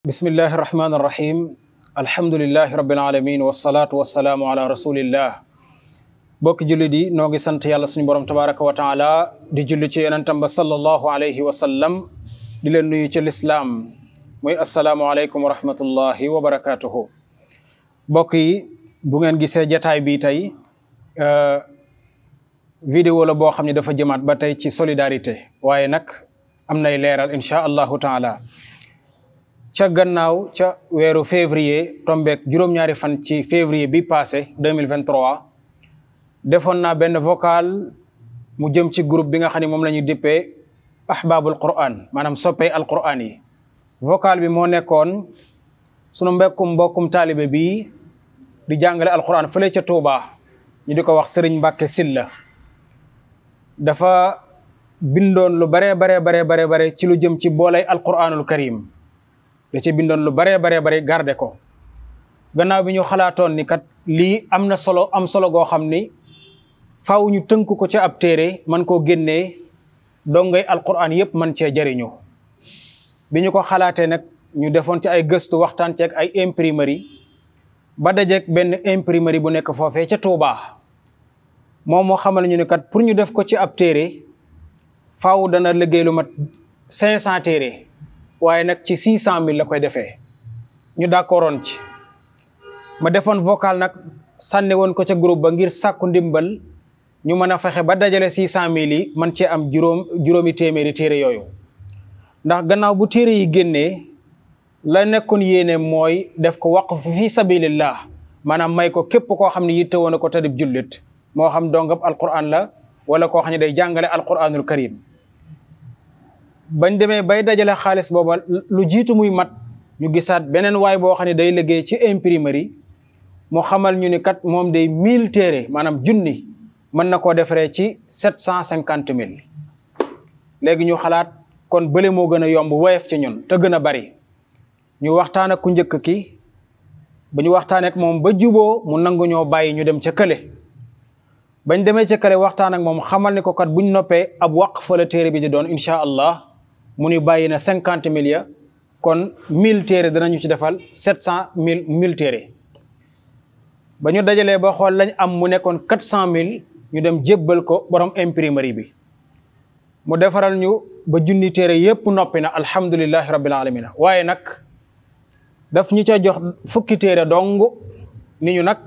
bismillahi irrahmani irrahim alhamdulilahi rabilalamin wasalaatu wasalaamu ala rasulillah bokk julli di noo ngi sant yàlla suñu borom tabaraka wa taala di julli ci yonentam ba sallallahu alayhi wa sallam di leen nuyu ci lislaam muy assalaamu aleykum wa rahmatullahi wa barakatuhu bokk yi bu ngeen gisee jataay bi tey euh, vidéo la boo xam ne dafa jëmaat ba tey ci solidarité waaye nag am nay leeral inchaa allahu taala ca gannaaw ca weeru février tombeek juróom-ñaari fan ci février bi passé 2023 defoon na benn vocal mu jëm ci groupe bi nga xam ne moom la ñu dippee ahbabul quran maanaam soppee alquran yi vocal bi moo nekkoon sunu mbekkum mbokkum taalibe bi di jàngale alquran fële ca Touba ñu di ko wax Serigne Mbacke Silla dafa bindoon lu bare bare bare bare bare ci lu jëm ci boolay alquranul karim da ci bindoon lu baree baree bare garde ko gannaaw bi ñu xalaatoon ni kat lii am na solo am solo goo xam ni faaw ñu tënk ko ca ab téere man koo génnee dongay alquran yëpp man cee jariñu bi ñu ko xalaatee nag ñu defoon ci ay gëstu waxtaan ceeg ay imprimerie ba dajeeg benn imprimerie bu nekk foofee ca Touba moom moo xamal ñu ne kat pour ñu def ko ci ab téere faaw dana liggéey lu mat cinq cent téere waaye nag ci six cent mille la koy defee ñu d'accordoon ci ma defoon vocal nag sànni woon ko ca groupe ba ngir sàkku ndimbal ñu mën a fexe ba dajale six cent mille yi man cee am juróom juróomi téeméeri téere yooyu ndax gannaaw bu téere yi génnee la nekkoon yéene mooy def ko waqf fi sabilillah maanaam may ko képp koo xam ne yitte woon na ko tadib jullit moo xam dongab alquran la wala koo xam ne day jàngale alquranul karim bañ demee bay dajale xaalis booba lu jiitu muy mat ñu gisaat beneen waay boo xam ne day liggéey ci imprimerie mu xamal ñu ni kat moom day mille téere maanaam junni mën na koo defaree ci sept cent cinquante mille léegi ñu xalaat kon bële moo gën a yomb woyof ci ñun te gën a bari ñu waxtaan ak ku njëkk ki ba ñu waxtaan ak moom ba juboo mu nangu ñoo bàyyi ñu dem ca kële bañ demee ca kële waxtaan ak moom xamal ni ko kat buñ noppee ab waqf fa la téere bi di doon incha allah mu ni bàyyi na cinquante mille kon mille téere danañu ci defal sept cent mille mille téere ba ñu dajalee ba xool lañ am mu nekkoon quatre cent mille ñu dem jëbbal ko borom imprimerie bi mu defaral ñu ba junni téere yépp noppi na alhamdulillahi rabbil alamin waaye nag daf ñu ca jox fukki téere dong ni ñu nag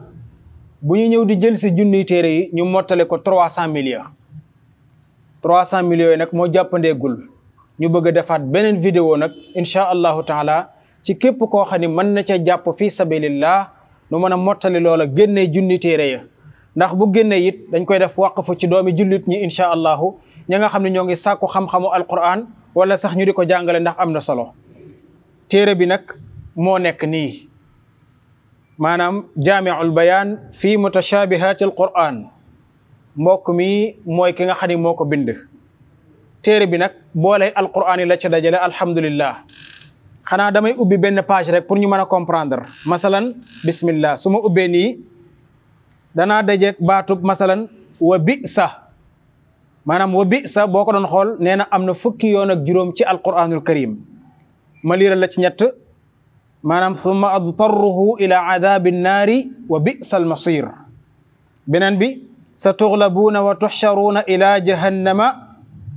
bu ñu ñëw di jël si junni téere yi ñu mottale ko trois cent millions trois cent millions yi nag moo jàppandeegul ñu bëgg a defaat beneen vidéo nag incha allahu taala ci képp koo xam ne mën na ca jàpp fii sabilillah nu mën a mottali loola génnee junni téere ya ndax bu génnee it dañ koy def wàqfu ci doomi jullit ñi incha allahu ña nga xam ne ñoo ngi sàkku xam-xamu alquran wala sax ñu di ko jàngale ndax am na solo téere bi nag moo nekk nii maanaam jaamiul bayaan fii mutashabihaati alquran mbokk mi mooy ki nga xam ne moo ko bind téere bi nag boole alquran yi la ca dajale alhamdulillah xanaa damay ubbi benn page rek pour ñu mën a comprendre masalan bismillah su ma ubbee nii danaa dajeeg baatub masalan wa bisa maanaam wa bisa boo ko doon xool nee na am na fukki yoon ak juróom ci alquranul karim ma liiral la ci ñett maanaam summa adtarruhu ila adabi nnaari wa bisa almasir beneen bi sa tuxlabuuna wa tuxcharuuna ila jahannama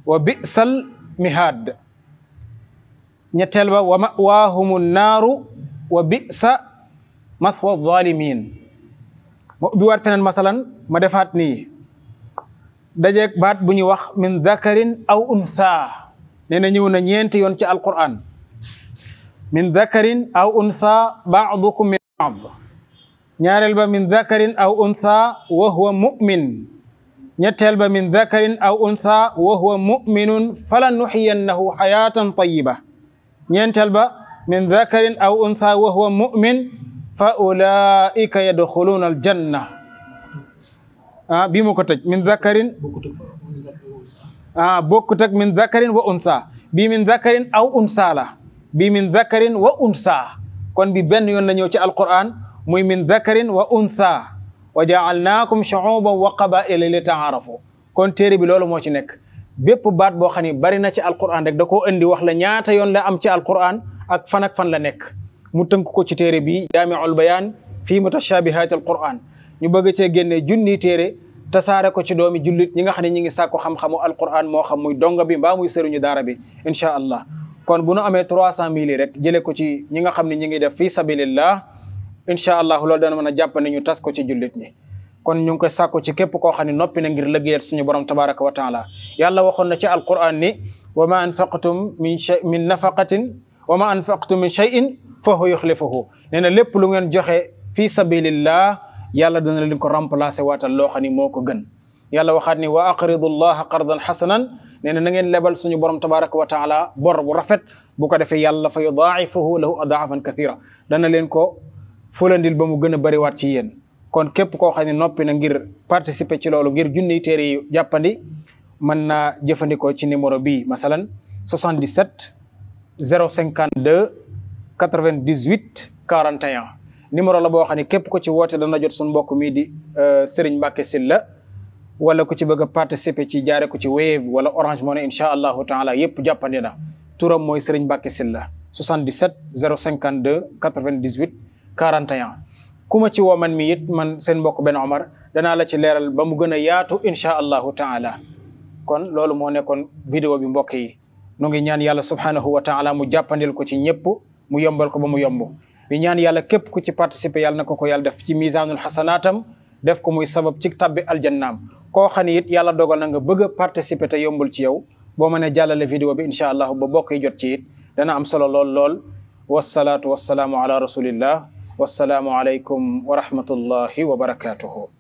wa bisal mihaad ñetteel ba wa mawaahumu naaru wa bisa mathwa zalimin ma ubbi feneen ma defaat ni dajeeg baat bu ñuy wax min dakarin aw untha nee na ñëw na ñeenti yoon ci alquran min dakarin aw untha baadukum min min dakarin aw untha wa huwa mu'min ñetteel ba min dakarin aw untha wa huwa muminun fala nuxiyannahu xayaatan tayiba ñeenteel ba min dakarin aw untha wa huwa mumin fa ulaika yadxuluuna aljanna ah mu ko tëj ah, min dakarin wa unsa bii min dakarin aw unsa la bii min dakarin wa unsa kon bi benn yoon la ñëw ci alquran muy min dakarin wa unsa wa jaalnaakum shuuban ba qabaila li taarafu kon téere bi loolu moo ci nekk bépp baat boo xam ne bari na ci alquran rek da koo indi wax la ñaata yoon la am ci alquran ak fan ak fan la nekk mu tënk ko ci téere bi jaamiul bayaan fii mutashaabihaat alquran ñu bëgg cee génne junni téere tasaare ko ci doomi jullit ñi nga xam ne ñi ngi sàkku xam-xamu alquran moo xam muy donga bi mbaa muy seruñu daara bi incha allah kon bu nu amee trois cent mille rek jëlee ko ci ñi nga xam ne ñi ngi def fii sabilillah incha allah lool dana mën a jàpp ne ñu tas ko ci jullit ñi kon ñu ngi koy sàkku ci képp koo xam ne noppi na ngir liggéeyal suñu borom tabaraka wa taala yàlla waxoon na ci alquran ni wa ma anfaqtum min shay min nafaqatin wa ma anfaqtum min shay'in fa huwa yukhlifuhu nee na lépp lu ngeen joxe fi sabilillah yàlla dana leen ko remplacer waatal loo xam ne moo ko gën yàlla waxaat ni wa aqridu llaha qardan xasanan nee na na ngeen lebal suñu borom tabaraka wa taala bor bu rafet bu ko defee yàlla fa yudaa'ifuhu lahu adaafan kathira dana leen ko fulandil ba mu gën a bariwaat ci yéen kon képp koo xam ne noppi na ngir participer ci loolu ngir junniy téere yi jàppandi mën naa jëfandikoo ci numéro bii masalan 77 052 98 41 numéro la boo xam ne képp ko ci woote na jot suñu mbokk mi di euh, Serigne Mbacke Sylla wala ku ci bëgg a participer ci jaare ko ci Wave wala Orange Money incha allahu taala yëpp jàppandi na turam mooy Serigne Mbacke Sylla 77 052 98 41 ku ma ci woo man mi yit man seen mbokk benn Omar danaa la ci leeral ba mu gën a yaatu incha allahu taala kon loolu moo nekkoon video bi mbokk yi nu ngi ñaan yàlla subhanahu wa taala mu jàppandil ko ci ñëpp mu yombal ko ba mu yomb di ñaan yàlla képp ku ci participer yàlla na ko ko yàlla def ci misanul xasanaatam def ko muy sabab ci tabbi aljannaam koo xam ne it yàlla dogal na nga bëgg a participer te yombul ci yow boo mënee jàllale vidéo bi incha allah ba mbokk jot ci it dana am solo lool lool wasalaatu wasalaamu ala rasulillah wassalaamu aleykum wa rahmatullahi wa barakatuhu